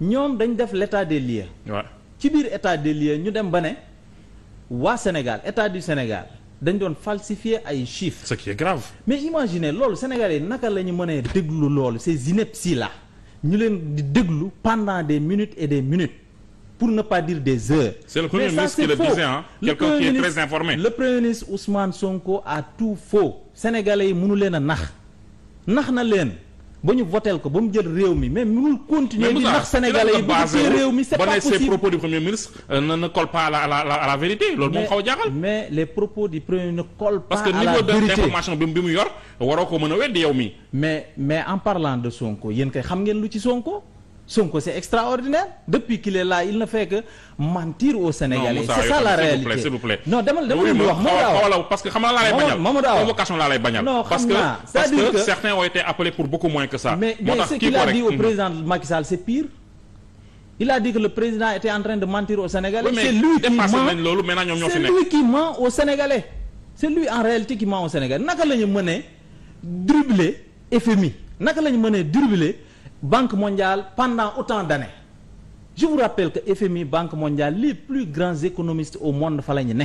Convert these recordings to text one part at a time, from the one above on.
ñoom dañu def l' état des lieux. ci biir état des lieux ñu dem ba ne waa Sénégal état du Sénégal dañu doon falsifier ay chiffres. ce qui mais imaginez loolu Sénégalais naka la ñu mënee déglu loolu ces inepties là ñu leen di déglu pendant des minutes et des minutes. pour ne pas dire des heures. c'est le premier ministre qui le disait hein. quelqu'un qui est très yi mënu leen a nax nax na leen. ba ñu votel ko ba mu jël réew mi mais mënul continuer di nax sénégalais yi ba ci réew mi c'est pas possible ces propos du premier ministre euh, ne colle pas à la à la vérité loolu moom xaw a mais les propos du premier ne colle pas à la vérité parce que niveau d'information bi bi mu yor waroo ko mën a weddi yow mi mais mais en parlant de Sonko yéen kay xam ngeen lu ci Sonko Sonko c'est extraordinaire depuis qu'il est là il ne fait que mentir aux Sénégalais. c'est ça la réalité s'il vous plaît non demal demal lu parce que c'est-à-dire que parce que certains ont pour beaucoup moins que ça. mais mais ce qu'il a dit au mhm. président Macky c'est pire. il a dit que le président était en de mentir aux Sénégalais. c'est lui qui ment c'est lui c'est lui en réalité qui ment aux Sénégalais naka la ñu mënee dribbler FMI naka la Banque mondiale pendant autant d'années je vous rappelle que FMI Banque mondiale les plus grands économistes au monde fa la ñu ne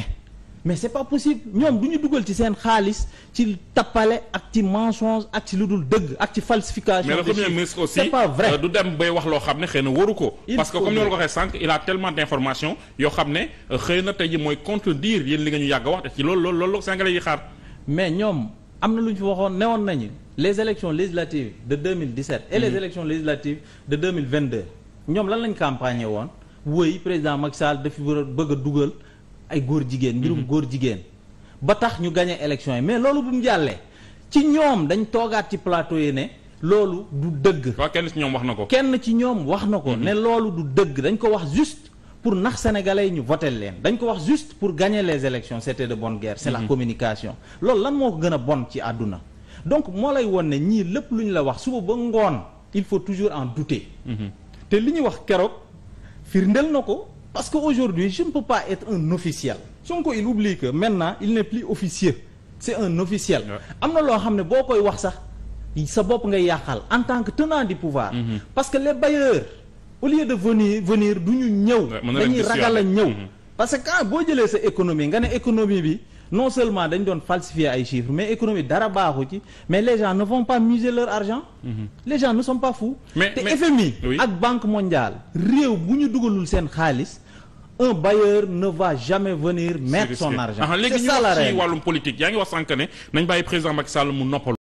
mais c'est pas possible ñoom du ñu dugal ci seen xaalis ci tappale ak ci mensonge ak ci lu dul dëgg ak ci falsification. mais le premier ministre aussi c'est pas vrai euh, du dem bay wax loo xam ne xëy na waru ko. parce que comme ni la ko waxee sànq il a tellement d'informations yoo xam ne euh, xëy na tey jii mooy contredire yéen li nga ñu yàgg wax te ci loolu loolu loolu Sénégalais yi xaar. mais ñoom. am na lu ñu fi waxoon newoon nañu les élections législatives de 2017 et les mm-hmm. élections législatives de 2022 ñoom lan lañ campagne woon wëy président Macky Sall dafi bëgg dugal ay góor jigéen mbirum mm-hmm. góor jigéen ba tax ñu gagné élection yi mais loolu bu mu jàllee ci ñoom dañ toogaat ci plateau yi ne loolu du dëgg waaw kenn ci ñoom wax na ko kenn ci ñoom wax na ko mm-hmm. ne loolu du dëgg dañ ko wax juste pour nax sénégalais yi ñu voté leen dañ ko wax juste pour gagner les élections c'était de bonne guerre c'est la mhm. communication loolu lan moo ko gën a bon ci àdduna donc moo lay woon ne ñii lépp lu ñu la wax suba ba ngoon il faut toujours en douter mhm. te li ñu wax keroog fiir firndeel na ko parce que aujourd'hui je ne peux pas être un officiel Sonko il oublie que maintenant il n'est plus officier c'est un officiel am na loo xam ne boo koy wax sax sa bopp ngay yàqal en tant que tenant du au lieu de venir venir du ñu ñëw. dañuy ragal a ñëw. Mhm. parce que boo jëlee sa économie nga ne économie bi non seulement dañu doon falsifier ay chiffres mais économie dara baaxu ci mais les gens ne vont pas muser leur argent. Mhm. les gens ne sont pas fous. mais te FMI ak Banque mondiale réew bu ñu dugalul seen xaalis. un bailleur ne va jamais venir mettre son argent. c'est ça la règle léegi ñu wax ci wàllum politique yaa ngi wax sànq ne nañ bàyyi président Macky Sall mu noppal.